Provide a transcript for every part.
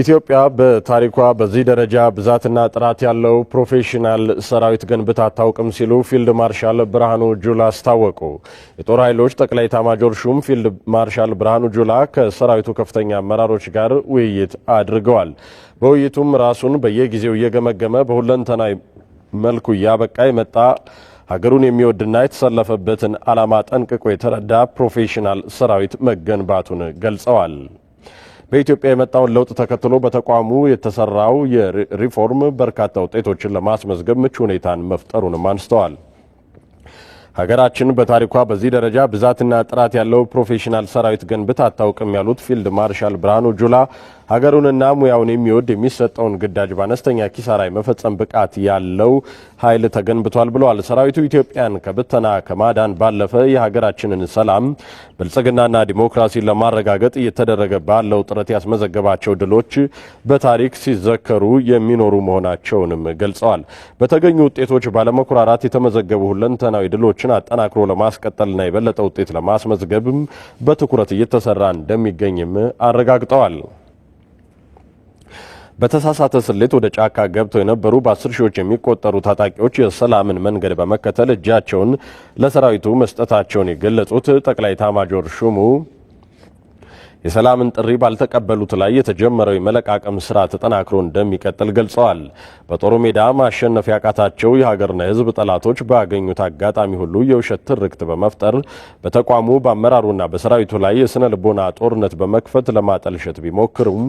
ኢትዮጵያ በታሪኳ በዚህ ደረጃ ብዛትና ጥራት ያለው ፕሮፌሽናል ሰራዊት ገንብታ አታውቅም ሲሉ ፊልድ ማርሻል ብርሃኑ ጁላ አስታወቁ። የጦር ኃይሎች ጠቅላይ ኤታማዦር ሹም ፊልድ ማርሻል ብርሃኑ ጁላ ከሰራዊቱ ከፍተኛ አመራሮች ጋር ውይይት አድርገዋል። በውይይቱም ራሱን በየጊዜው እየገመገመ በሁለንተናዊ መልኩ እያበቃ የመጣ ሀገሩን የሚወድና የተሰለፈበትን ዓላማ ጠንቅቆ የተረዳ ፕሮፌሽናል ሰራዊት መገንባቱን ገልጸዋል። በኢትዮጵያ የመጣውን ለውጥ ተከትሎ በተቋሙ የተሰራው የሪፎርም በርካታ ውጤቶችን ለማስመዝገብ ምቹ ሁኔታን መፍጠሩንም አንስተዋል። ሀገራችን በታሪኳ በዚህ ደረጃ ብዛትና ጥራት ያለው ፕሮፌሽናል ሰራዊት ገንብት አታውቅም ያሉት ፊልድ ማርሻል ብርሃኑ ጁላ ሀገሩንና ሙያውን የሚወድ የሚሰጠውን ግዳጅ በአነስተኛ ኪሳራ የመፈጸም ብቃት ያለው ኃይል ተገንብቷል ብለዋል። ሰራዊቱ ኢትዮጵያን ከብተና ከማዳን ባለፈ የሀገራችንን ሰላም፣ ብልጽግናና ዲሞክራሲን ለማረጋገጥ እየተደረገ ባለው ጥረት ያስመዘገባቸው ድሎች በታሪክ ሲዘከሩ የሚኖሩ መሆናቸውንም ገልጸዋል። በተገኙ ውጤቶች ባለመኩራራት የተመዘገቡ ሁለንተናዊ ድሎች ስራዎችን አጠናክሮ ለማስቀጠልና የበለጠ ውጤት ለማስመዝገብም በትኩረት እየተሰራ እንደሚገኝም አረጋግጠዋል። በተሳሳተ ስሌት ወደ ጫካ ገብተው የነበሩ በአስር ሺዎች የሚቆጠሩ ታጣቂዎች የሰላምን መንገድ በመከተል እጃቸውን ለሰራዊቱ መስጠታቸውን የገለጹት ጠቅላይ ኤታማዦር ሹሙ የሰላምን ጥሪ ባልተቀበሉት ላይ የተጀመረው የመለቃቀም ስራ ተጠናክሮ እንደሚቀጥል ገልጸዋል። በጦሩ ሜዳ ማሸነፍ ያቃታቸው የሀገርና የህዝብ ጠላቶች ባገኙት አጋጣሚ ሁሉ የውሸት ትርክት በመፍጠር በተቋሙ በአመራሩና በሰራዊቱ ላይ የስነ ልቦና ጦርነት በመክፈት ለማጠልሸት ቢሞክሩም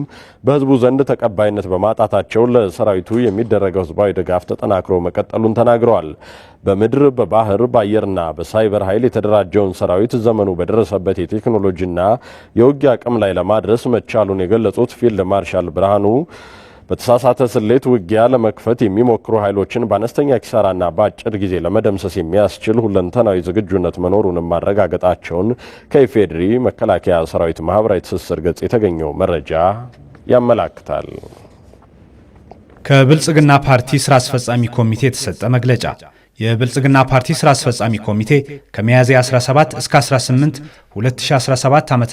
በህዝቡ ዘንድ ተቀባይነት በማጣታቸው ለሰራዊቱ የሚደረገው ህዝባዊ ድጋፍ ተጠናክሮ መቀጠሉን ተናግረዋል። በምድር በባህር በአየርና በሳይበር ኃይል የተደራጀውን ሰራዊት ዘመኑ በደረሰበት የቴክኖሎጂና የውጊያ አቅም ላይ ለማድረስ መቻሉን የገለጹት ፊልድ ማርሻል ብርሃኑ በተሳሳተ ስሌት ውጊያ ለመክፈት የሚሞክሩ ኃይሎችን በአነስተኛ ኪሳራና በአጭር ጊዜ ለመደምሰስ የሚያስችል ሁለንተናዊ ዝግጁነት መኖሩንም ማረጋገጣቸውን ከኢፌዴሪ መከላከያ ሰራዊት ማህበራዊ ትስስር ገጽ የተገኘው መረጃ ያመላክታል። ከብልጽግና ፓርቲ ስራ አስፈጻሚ ኮሚቴ የተሰጠ መግለጫ የብልጽግና ፓርቲ ስራ አስፈጻሚ ኮሚቴ ከሚያዝያ 17 እስከ 18 2017 ዓ ም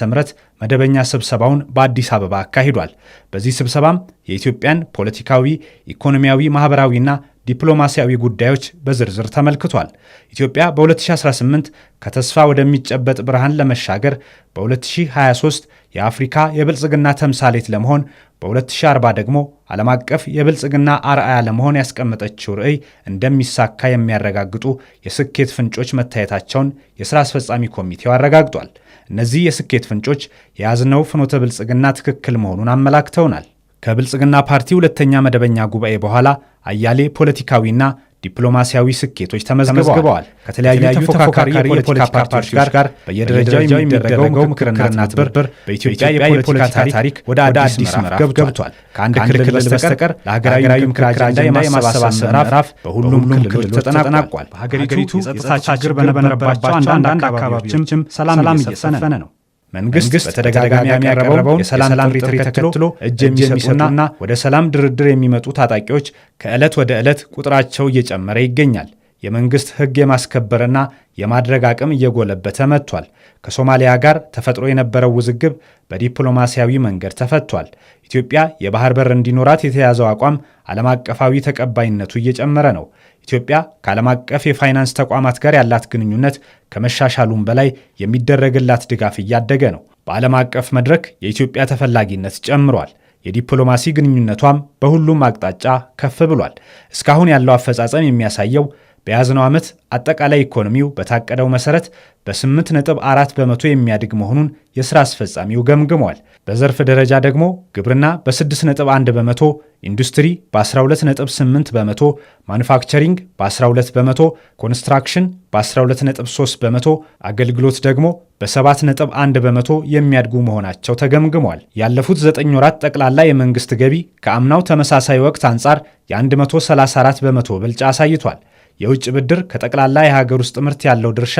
መደበኛ ስብሰባውን በአዲስ አበባ አካሂዷል። በዚህ ስብሰባም የኢትዮጵያን ፖለቲካዊ፣ ኢኮኖሚያዊ፣ ማኅበራዊና ዲፕሎማሲያዊ ጉዳዮች በዝርዝር ተመልክቷል። ኢትዮጵያ በ2018 ከተስፋ ወደሚጨበጥ ብርሃን ለመሻገር በ2023 የአፍሪካ የብልጽግና ተምሳሌት ለመሆን በ2040 ደግሞ ዓለም አቀፍ የብልጽግና አርአያ ለመሆን ያስቀመጠችው ርዕይ እንደሚሳካ የሚያረጋግጡ የስኬት ፍንጮች መታየታቸውን የሥራ አስፈጻሚ ኮሚቴው አረጋግጧል። እነዚህ የስኬት ፍንጮች የያዝነው ፍኖተ ብልጽግና ትክክል መሆኑን አመላክተውናል። ከብልጽግና ፓርቲ ሁለተኛ መደበኛ ጉባኤ በኋላ አያሌ ፖለቲካዊና ዲፕሎማሲያዊ ስኬቶች ተመዝግበዋል። ከተለያዩ ተፎካካሪ የፖለቲካ ፓርቲዎች ጋር በየደረጃው የሚደረገው ምክርና ትብብር በኢትዮጵያ የፖለቲካ ታሪክ ወደ አዲስ ምዕራፍ ገብቷል። ከአንድ ክልል በስተቀር ለሀገራዊ ምክር አጀንዳ የማሰባሰብ ምዕራፍ በሁሉም ክልሎች ተጠናቋል። በሀገሪቱ የጸጥታ ችግር በነበረባቸው አንዳንድ አካባቢዎችም ሰላም እየሰፈነ ነው። መንግስት በተደጋጋሚ ያቀረበው የሰላም ጥሪ ተከትሎ እጅ የሚሰጡና ወደ ሰላም ድርድር የሚመጡ ታጣቂዎች ከዕለት ወደ ዕለት ቁጥራቸው እየጨመረ ይገኛል። የመንግስት ህግ የማስከበርና የማድረግ አቅም እየጎለበተ መጥቷል። ከሶማሊያ ጋር ተፈጥሮ የነበረው ውዝግብ በዲፕሎማሲያዊ መንገድ ተፈቷል። ኢትዮጵያ የባህር በር እንዲኖራት የተያዘው አቋም ዓለም አቀፋዊ ተቀባይነቱ እየጨመረ ነው። ኢትዮጵያ ከዓለም አቀፍ የፋይናንስ ተቋማት ጋር ያላት ግንኙነት ከመሻሻሉም በላይ የሚደረግላት ድጋፍ እያደገ ነው። በዓለም አቀፍ መድረክ የኢትዮጵያ ተፈላጊነት ጨምሯል። የዲፕሎማሲ ግንኙነቷም በሁሉም አቅጣጫ ከፍ ብሏል። እስካሁን ያለው አፈጻጸም የሚያሳየው በያዝነው ዓመት አጠቃላይ ኢኮኖሚው በታቀደው መሰረት በ8.4 በመቶ የሚያድግ መሆኑን የሥራ አስፈጻሚው ገምግሟል። በዘርፍ ደረጃ ደግሞ ግብርና በ6.1 በመቶ፣ ኢንዱስትሪ በ12.8 በመቶ፣ ማኑፋክቸሪንግ በ12 በመቶ፣ ኮንስትራክሽን በ12.3 በመቶ፣ አገልግሎት ደግሞ በ7.1 በመቶ የሚያድጉ መሆናቸው ተገምግሟል። ያለፉት 9 ወራት ጠቅላላ የመንግሥት ገቢ ከአምናው ተመሳሳይ ወቅት አንጻር የ134 በመቶ ብልጫ አሳይቷል። የውጭ ብድር ከጠቅላላ የሀገር ውስጥ ምርት ያለው ድርሻ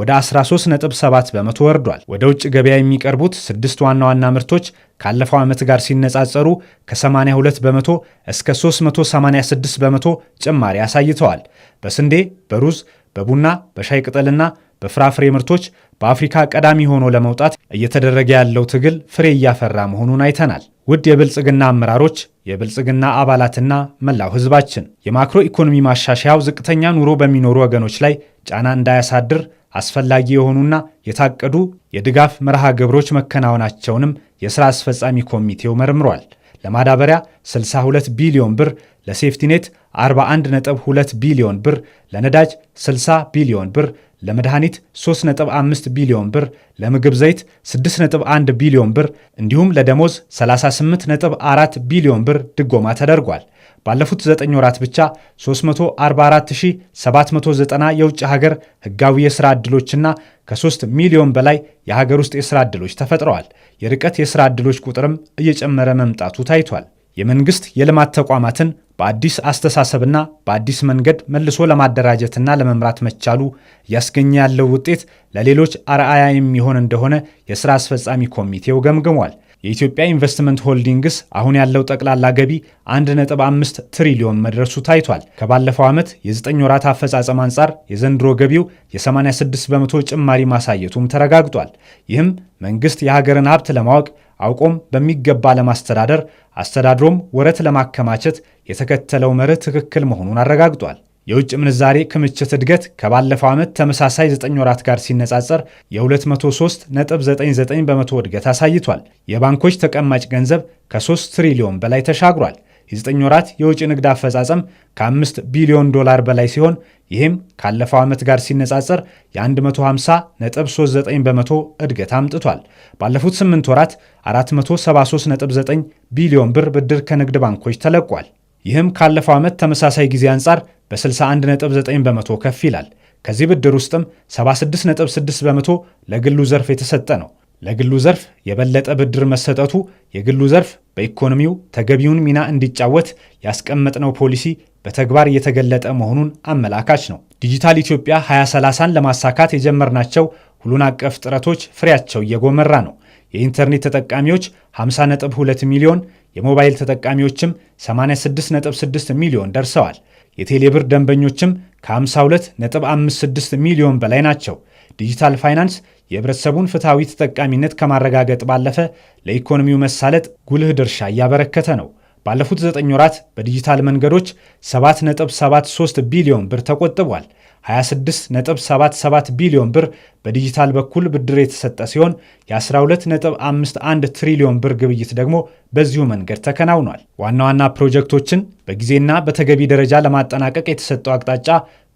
ወደ 13.7 በመቶ ወርዷል። ወደ ውጭ ገበያ የሚቀርቡት ስድስት ዋና ዋና ምርቶች ካለፈው ዓመት ጋር ሲነጻጸሩ ከ82 በመቶ እስከ 386 በመቶ ጭማሪ አሳይተዋል። በስንዴ፣ በሩዝ፣ በቡና፣ በሻይ ቅጠልና በፍራፍሬ ምርቶች በአፍሪካ ቀዳሚ ሆኖ ለመውጣት እየተደረገ ያለው ትግል ፍሬ እያፈራ መሆኑን አይተናል። ውድ የብልጽግና አመራሮች፣ የብልጽግና አባላትና መላው ህዝባችን የማክሮ ኢኮኖሚ ማሻሻያው ዝቅተኛ ኑሮ በሚኖሩ ወገኖች ላይ ጫና እንዳያሳድር አስፈላጊ የሆኑና የታቀዱ የድጋፍ መርሃ ግብሮች መከናወናቸውንም የሥራ አስፈጻሚ ኮሚቴው መርምሯል። ለማዳበሪያ 62 ቢሊዮን ብር፣ ለሴፍቲኔት 41.2 ቢሊዮን ብር፣ ለነዳጅ 60 ቢሊዮን ብር፣ ለመድኃኒት 3.5 ቢሊዮን ብር፣ ለምግብ ዘይት 6.1 ቢሊዮን ብር እንዲሁም ለደሞዝ 38.4 ቢሊዮን ብር ድጎማ ተደርጓል። ባለፉት 9 ወራት ብቻ 344790 የውጭ ሀገር ህጋዊ የሥራ ዕድሎችና ከ3 ሚሊዮን በላይ የሀገር ውስጥ የሥራ ዕድሎች ተፈጥረዋል። የርቀት የሥራ ዕድሎች ቁጥርም እየጨመረ መምጣቱ ታይቷል። የመንግሥት የልማት ተቋማትን በአዲስ አስተሳሰብና በአዲስ መንገድ መልሶ ለማደራጀትና ለመምራት መቻሉ እያስገኘ ያለው ውጤት ለሌሎች አርአያ የሚሆን እንደሆነ የሥራ አስፈጻሚ ኮሚቴው ገምግሟል። የኢትዮጵያ ኢንቨስትመንት ሆልዲንግስ አሁን ያለው ጠቅላላ ገቢ 1.5 ትሪሊዮን መድረሱ ታይቷል። ከባለፈው ዓመት የዘጠኝ ወራት አፈጻጸም አንጻር የዘንድሮ ገቢው የ86 በመቶ ጭማሪ ማሳየቱም ተረጋግጧል። ይህም መንግስት የሀገርን ሀብት ለማወቅ አውቆም በሚገባ ለማስተዳደር አስተዳድሮም ወረት ለማከማቸት የተከተለው መርህ ትክክል መሆኑን አረጋግጧል። የውጭ ምንዛሬ ክምችት እድገት ከባለፈው ዓመት ተመሳሳይ 9 ወራት ጋር ሲነጻጸር የ203.99 በመቶ እድገት አሳይቷል። የባንኮች ተቀማጭ ገንዘብ ከ3 ትሪሊዮን በላይ ተሻግሯል። የ9 ወራት የውጭ ንግድ አፈጻጸም ከ5 ቢሊዮን ዶላር በላይ ሲሆን ይህም ካለፈው ዓመት ጋር ሲነጻጸር የ150.39 በመቶ እድገት አምጥቷል። ባለፉት 8 ወራት 473.9 ቢሊዮን ብር ብድር ከንግድ ባንኮች ተለቋል። ይህም ካለፈው ዓመት ተመሳሳይ ጊዜ አንጻር በ61.9 በመቶ ከፍ ይላል። ከዚህ ብድር ውስጥም 76.6 በመቶ ለግሉ ዘርፍ የተሰጠ ነው። ለግሉ ዘርፍ የበለጠ ብድር መሰጠቱ የግሉ ዘርፍ በኢኮኖሚው ተገቢውን ሚና እንዲጫወት ያስቀመጥነው ፖሊሲ በተግባር እየተገለጠ መሆኑን አመላካች ነው። ዲጂታል ኢትዮጵያ 2030ን ለማሳካት የጀመርናቸው ሁሉን አቀፍ ጥረቶች ፍሬያቸው እየጎመራ ነው። የኢንተርኔት ተጠቃሚዎች 50.2 ሚሊዮን የሞባይል ተጠቃሚዎችም 86.6 ሚሊዮን ደርሰዋል። የቴሌብር ደንበኞችም ከ52.56 ሚሊዮን በላይ ናቸው። ዲጂታል ፋይናንስ የህብረተሰቡን ፍትሐዊ ተጠቃሚነት ከማረጋገጥ ባለፈ ለኢኮኖሚው መሳለጥ ጉልህ ድርሻ እያበረከተ ነው። ባለፉት 9 ወራት በዲጂታል መንገዶች 7.73 ቢሊዮን ብር ተቆጥቧል። 26.77 ቢሊዮን ብር በዲጂታል በኩል ብድር የተሰጠ ሲሆን የ12.51 ትሪሊዮን ብር ግብይት ደግሞ በዚሁ መንገድ ተከናውኗል። ዋና ዋና ፕሮጀክቶችን በጊዜና በተገቢ ደረጃ ለማጠናቀቅ የተሰጠው አቅጣጫ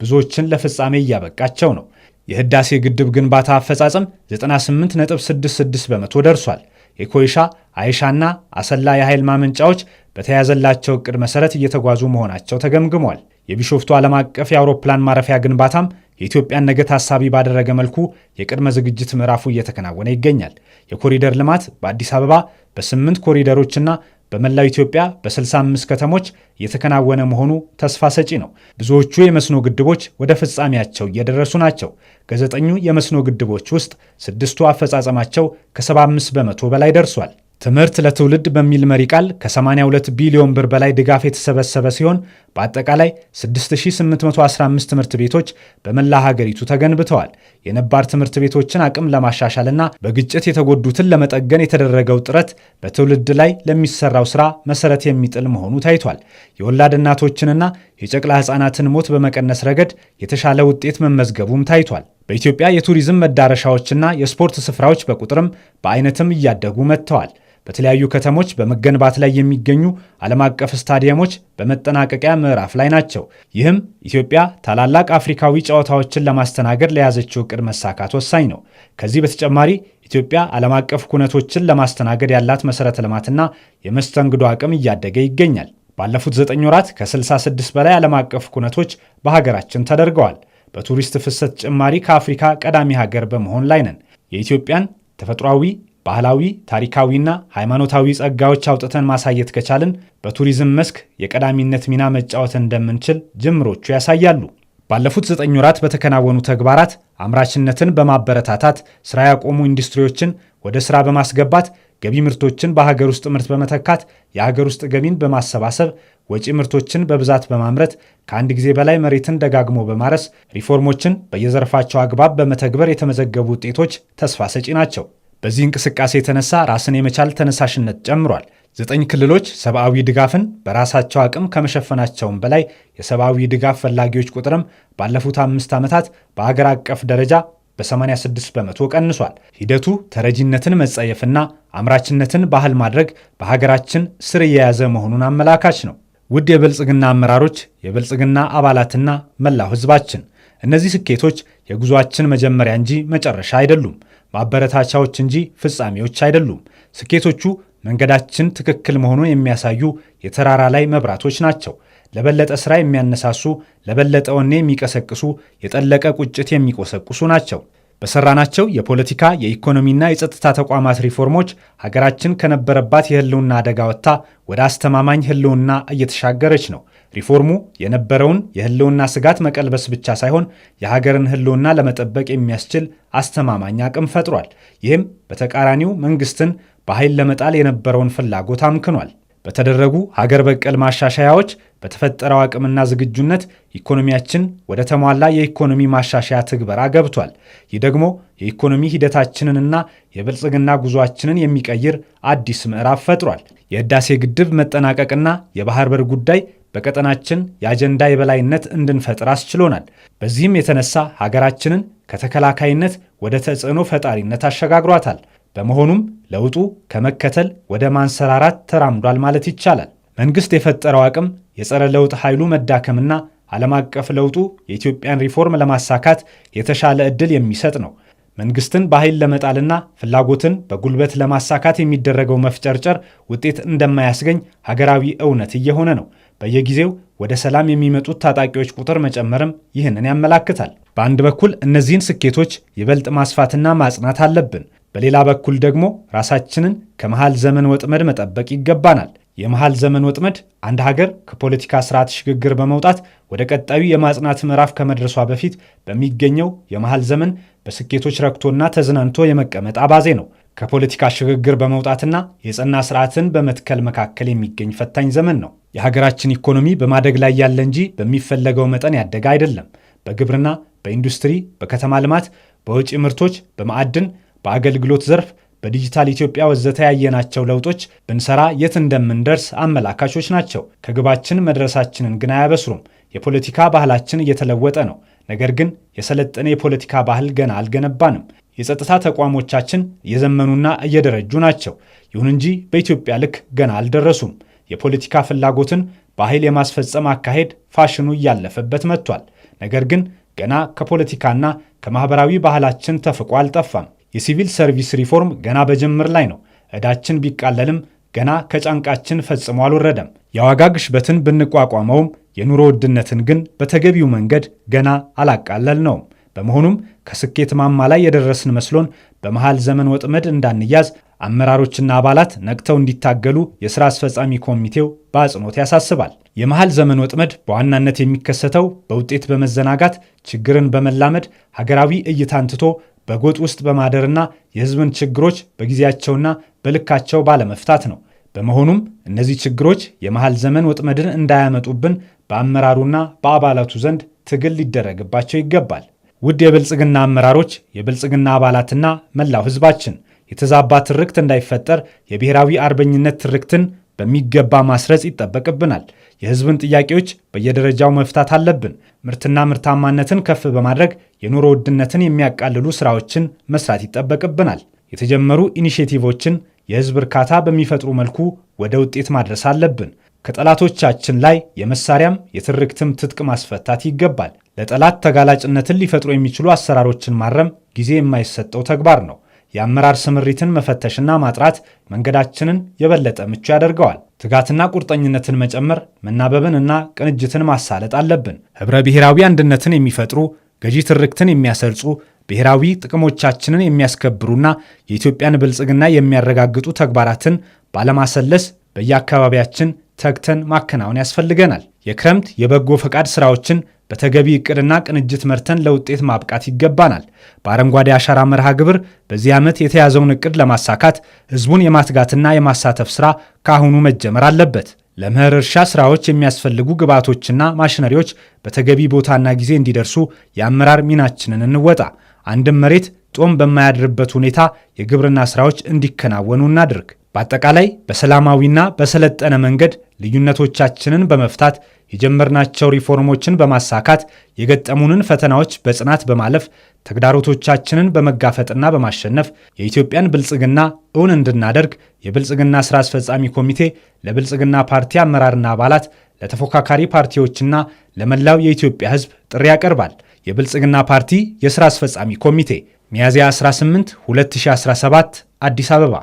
ብዙዎችን ለፍጻሜ እያበቃቸው ነው። የህዳሴ ግድብ ግንባታ አፈጻጸም 98.66 በመቶ ደርሷል። የኮይሻ አይሻና አሰላ የኃይል ማመንጫዎች በተያዘላቸው እቅድ መሠረት እየተጓዙ መሆናቸው ተገምግሟል። የቢሾፍቱ ዓለም አቀፍ የአውሮፕላን ማረፊያ ግንባታም የኢትዮጵያን ነገ ታሳቢ ባደረገ መልኩ የቅድመ ዝግጅት ምዕራፉ እየተከናወነ ይገኛል። የኮሪደር ልማት በአዲስ አበባ በስምንት ኮሪደሮችና በመላው ኢትዮጵያ በ65 ከተሞች እየተከናወነ መሆኑ ተስፋ ሰጪ ነው። ብዙዎቹ የመስኖ ግድቦች ወደ ፍጻሜያቸው እየደረሱ ናቸው። ከዘጠኙ የመስኖ ግድቦች ውስጥ ስድስቱ አፈጻጸማቸው ከ75 በመቶ በላይ ደርሷል። ትምህርት ለትውልድ በሚል መሪ ቃል ከ82 ቢሊዮን ብር በላይ ድጋፍ የተሰበሰበ ሲሆን በአጠቃላይ 6815 ትምህርት ቤቶች በመላ ሀገሪቱ ተገንብተዋል። የነባር ትምህርት ቤቶችን አቅም ለማሻሻልና በግጭት የተጎዱትን ለመጠገን የተደረገው ጥረት በትውልድ ላይ ለሚሰራው ስራ መሰረት የሚጥል መሆኑ ታይቷል። የወላድ እናቶችንና የጨቅላ ሕፃናትን ሞት በመቀነስ ረገድ የተሻለ ውጤት መመዝገቡም ታይቷል። በኢትዮጵያ የቱሪዝም መዳረሻዎችና የስፖርት ስፍራዎች በቁጥርም በአይነትም እያደጉ መጥተዋል። በተለያዩ ከተሞች በመገንባት ላይ የሚገኙ ዓለም አቀፍ ስታዲየሞች በመጠናቀቂያ ምዕራፍ ላይ ናቸው። ይህም ኢትዮጵያ ታላላቅ አፍሪካዊ ጨዋታዎችን ለማስተናገድ ለያዘችው እቅድ መሳካት ወሳኝ ነው። ከዚህ በተጨማሪ ኢትዮጵያ ዓለም አቀፍ ኩነቶችን ለማስተናገድ ያላት መሠረተ ልማትና የመስተንግዶ አቅም እያደገ ይገኛል። ባለፉት ዘጠኝ ወራት ከ66 በላይ ዓለም አቀፍ ኩነቶች በሀገራችን ተደርገዋል። በቱሪስት ፍሰት ጭማሪ ከአፍሪካ ቀዳሚ ሀገር በመሆን ላይ ነን። የኢትዮጵያን ተፈጥሯዊ፣ ባህላዊ፣ ታሪካዊና ሃይማኖታዊ ጸጋዎች አውጥተን ማሳየት ከቻልን በቱሪዝም መስክ የቀዳሚነት ሚና መጫወት እንደምንችል ጅምሮቹ ያሳያሉ። ባለፉት ዘጠኝ ወራት በተከናወኑ ተግባራት አምራችነትን በማበረታታት ስራ ያቆሙ ኢንዱስትሪዎችን ወደ ስራ በማስገባት ገቢ ምርቶችን በሀገር ውስጥ ምርት በመተካት የሀገር ውስጥ ገቢን በማሰባሰብ ወጪ ምርቶችን በብዛት በማምረት ከአንድ ጊዜ በላይ መሬትን ደጋግሞ በማረስ ሪፎርሞችን በየዘርፋቸው አግባብ በመተግበር የተመዘገቡ ውጤቶች ተስፋ ሰጪ ናቸው። በዚህ እንቅስቃሴ የተነሳ ራስን የመቻል ተነሳሽነት ጨምሯል። ዘጠኝ ክልሎች ሰብአዊ ድጋፍን በራሳቸው አቅም ከመሸፈናቸውም በላይ የሰብአዊ ድጋፍ ፈላጊዎች ቁጥርም ባለፉት አምስት ዓመታት በአገር አቀፍ ደረጃ በ86 በመቶ ቀንሷል። ሂደቱ ተረጂነትን መጸየፍና አምራችነትን ባህል ማድረግ በሀገራችን ስር እየያዘ መሆኑን አመላካች ነው። ውድ የብልጽግና አመራሮች፣ የብልጽግና አባላትና መላው ህዝባችን እነዚህ ስኬቶች የጉዞአችን መጀመሪያ እንጂ መጨረሻ አይደሉም። ማበረታቻዎች እንጂ ፍጻሜዎች አይደሉም። ስኬቶቹ መንገዳችን ትክክል መሆኑን የሚያሳዩ የተራራ ላይ መብራቶች ናቸው። ለበለጠ ስራ የሚያነሳሱ፣ ለበለጠ ወኔ የሚቀሰቅሱ፣ የጠለቀ ቁጭት የሚቆሰቁሱ ናቸው። በሰራናቸው የፖለቲካ የኢኮኖሚና የጸጥታ ተቋማት ሪፎርሞች ሀገራችን ከነበረባት የህልውና አደጋ ወጥታ ወደ አስተማማኝ ህልውና እየተሻገረች ነው። ሪፎርሙ የነበረውን የህልውና ስጋት መቀልበስ ብቻ ሳይሆን የሀገርን ህልውና ለመጠበቅ የሚያስችል አስተማማኝ አቅም ፈጥሯል። ይህም በተቃራኒው መንግስትን በኃይል ለመጣል የነበረውን ፍላጎት አምክኗል። በተደረጉ ሀገር በቀል ማሻሻያዎች በተፈጠረው አቅምና ዝግጁነት ኢኮኖሚያችን ወደ ተሟላ የኢኮኖሚ ማሻሻያ ትግበራ ገብቷል። ይህ ደግሞ የኢኮኖሚ ሂደታችንንና የብልጽግና ጉዟችንን የሚቀይር አዲስ ምዕራፍ ፈጥሯል። የህዳሴ ግድብ መጠናቀቅና የባህር በር ጉዳይ በቀጠናችን የአጀንዳ የበላይነት እንድንፈጥር አስችሎናል። በዚህም የተነሳ ሀገራችንን ከተከላካይነት ወደ ተጽዕኖ ፈጣሪነት አሸጋግሯታል። በመሆኑም ለውጡ ከመከተል ወደ ማንሰራራት ተራምዷል ማለት ይቻላል። መንግስት የፈጠረው አቅም የጸረ ለውጥ ኃይሉ መዳከምና ዓለም አቀፍ ለውጡ የኢትዮጵያን ሪፎርም ለማሳካት የተሻለ ዕድል የሚሰጥ ነው። መንግስትን በኃይል ለመጣልና ፍላጎትን በጉልበት ለማሳካት የሚደረገው መፍጨርጨር ውጤት እንደማያስገኝ ሀገራዊ እውነት እየሆነ ነው። በየጊዜው ወደ ሰላም የሚመጡት ታጣቂዎች ቁጥር መጨመርም ይህንን ያመላክታል። በአንድ በኩል እነዚህን ስኬቶች ይበልጥ ማስፋትና ማጽናት አለብን። በሌላ በኩል ደግሞ ራሳችንን ከመሃል ዘመን ወጥመድ መጠበቅ ይገባናል። የመሃል ዘመን ወጥመድ አንድ ሀገር ከፖለቲካ ስርዓት ሽግግር በመውጣት ወደ ቀጣዩ የማጽናት ምዕራፍ ከመድረሷ በፊት በሚገኘው የመሃል ዘመን በስኬቶች ረክቶና ተዝናንቶ የመቀመጥ አባዜ ነው። ከፖለቲካ ሽግግር በመውጣትና የጸና ስርዓትን በመትከል መካከል የሚገኝ ፈታኝ ዘመን ነው። የሀገራችን ኢኮኖሚ በማደግ ላይ ያለ እንጂ በሚፈለገው መጠን ያደገ አይደለም። በግብርና፣ በኢንዱስትሪ፣ በከተማ ልማት፣ በውጪ ምርቶች፣ በማዕድን በአገልግሎት ዘርፍ በዲጂታል ኢትዮጵያ ወዘተ ያየናቸው ለውጦች ብንሰራ የት እንደምንደርስ አመላካቾች ናቸው። ከግባችን መድረሳችንን ግን አያበስሩም። የፖለቲካ ባህላችን እየተለወጠ ነው። ነገር ግን የሰለጠነ የፖለቲካ ባህል ገና አልገነባንም። የጸጥታ ተቋሞቻችን እየዘመኑና እየደረጁ ናቸው። ይሁን እንጂ በኢትዮጵያ ልክ ገና አልደረሱም። የፖለቲካ ፍላጎትን በኃይል የማስፈጸም አካሄድ ፋሽኑ እያለፈበት መጥቷል። ነገር ግን ገና ከፖለቲካና ከማኅበራዊ ባህላችን ተፍቆ አልጠፋም። የሲቪል ሰርቪስ ሪፎርም ገና በጅምር ላይ ነው። ዕዳችን ቢቃለልም ገና ከጫንቃችን ፈጽሞ አልወረደም። የዋጋ ግሽበትን ብንቋቋመውም የኑሮ ውድነትን ግን በተገቢው መንገድ ገና አላቃለል ነው። በመሆኑም ከስኬት ማማ ላይ የደረስን መስሎን በመሃል ዘመን ወጥመድ እንዳንያዝ አመራሮችና አባላት ነቅተው እንዲታገሉ የሥራ አስፈጻሚ ኮሚቴው በአጽንኦት ያሳስባል። የመሃል ዘመን ወጥመድ በዋናነት የሚከሰተው በውጤት በመዘናጋት ችግርን በመላመድ ሀገራዊ እይታን ትቶ በጎጥ ውስጥ በማደርና የህዝብን ችግሮች በጊዜያቸውና በልካቸው ባለመፍታት ነው። በመሆኑም እነዚህ ችግሮች የመሃል ዘመን ወጥመድን እንዳያመጡብን በአመራሩና በአባላቱ ዘንድ ትግል ሊደረግባቸው ይገባል። ውድ የብልጽግና አመራሮች፣ የብልጽግና አባላትና መላው ህዝባችን የተዛባ ትርክት እንዳይፈጠር የብሔራዊ አርበኝነት ትርክትን በሚገባ ማስረጽ ይጠበቅብናል። የህዝብን ጥያቄዎች በየደረጃው መፍታት አለብን። ምርትና ምርታማነትን ከፍ በማድረግ የኑሮ ውድነትን የሚያቃልሉ ስራዎችን መስራት ይጠበቅብናል። የተጀመሩ ኢኒሽቲቮችን የህዝብ እርካታ በሚፈጥሩ መልኩ ወደ ውጤት ማድረስ አለብን። ከጠላቶቻችን ላይ የመሳሪያም የትርክትም ትጥቅ ማስፈታት ይገባል። ለጠላት ተጋላጭነትን ሊፈጥሩ የሚችሉ አሰራሮችን ማረም ጊዜ የማይሰጠው ተግባር ነው። የአመራር ስምሪትን መፈተሽና ማጥራት መንገዳችንን የበለጠ ምቹ ያደርገዋል። ትጋትና ቁርጠኝነትን መጨመር፣ መናበብንና ቅንጅትን ማሳለጥ አለብን። ኅብረ ብሔራዊ አንድነትን የሚፈጥሩ ገዢ ትርክትን የሚያሰርጹ ብሔራዊ ጥቅሞቻችንን የሚያስከብሩና የኢትዮጵያን ብልጽግና የሚያረጋግጡ ተግባራትን ባለማሰለስ በየአካባቢያችን ተግተን ማከናወን ያስፈልገናል። የክረምት የበጎ ፈቃድ ሥራዎችን በተገቢ እቅድና ቅንጅት መርተን ለውጤት ማብቃት ይገባናል። በአረንጓዴ አሻራ መርሃ ግብር በዚህ ዓመት የተያዘውን እቅድ ለማሳካት ህዝቡን የማትጋትና የማሳተፍ ሥራ ከአሁኑ መጀመር አለበት። ለመኸር እርሻ ስራዎች የሚያስፈልጉ ግብዓቶችና ማሽነሪዎች በተገቢ ቦታና ጊዜ እንዲደርሱ የአመራር ሚናችንን እንወጣ። አንድም መሬት ጦም በማያድርበት ሁኔታ የግብርና ስራዎች እንዲከናወኑ እናድርግ። በአጠቃላይ በሰላማዊና በሰለጠነ መንገድ ልዩነቶቻችንን በመፍታት የጀመርናቸው ሪፎርሞችን በማሳካት የገጠሙንን ፈተናዎች በጽናት በማለፍ ተግዳሮቶቻችንን በመጋፈጥና በማሸነፍ የኢትዮጵያን ብልጽግና እውን እንድናደርግ የብልጽግና ስራ አስፈጻሚ ኮሚቴ ለብልጽግና ፓርቲ አመራርና አባላት፣ ለተፎካካሪ ፓርቲዎችና ለመላው የኢትዮጵያ ሕዝብ ጥሪ ያቀርባል። የብልጽግና ፓርቲ የስራ አስፈጻሚ ኮሚቴ ሚያዝያ 18 2017 አዲስ አበባ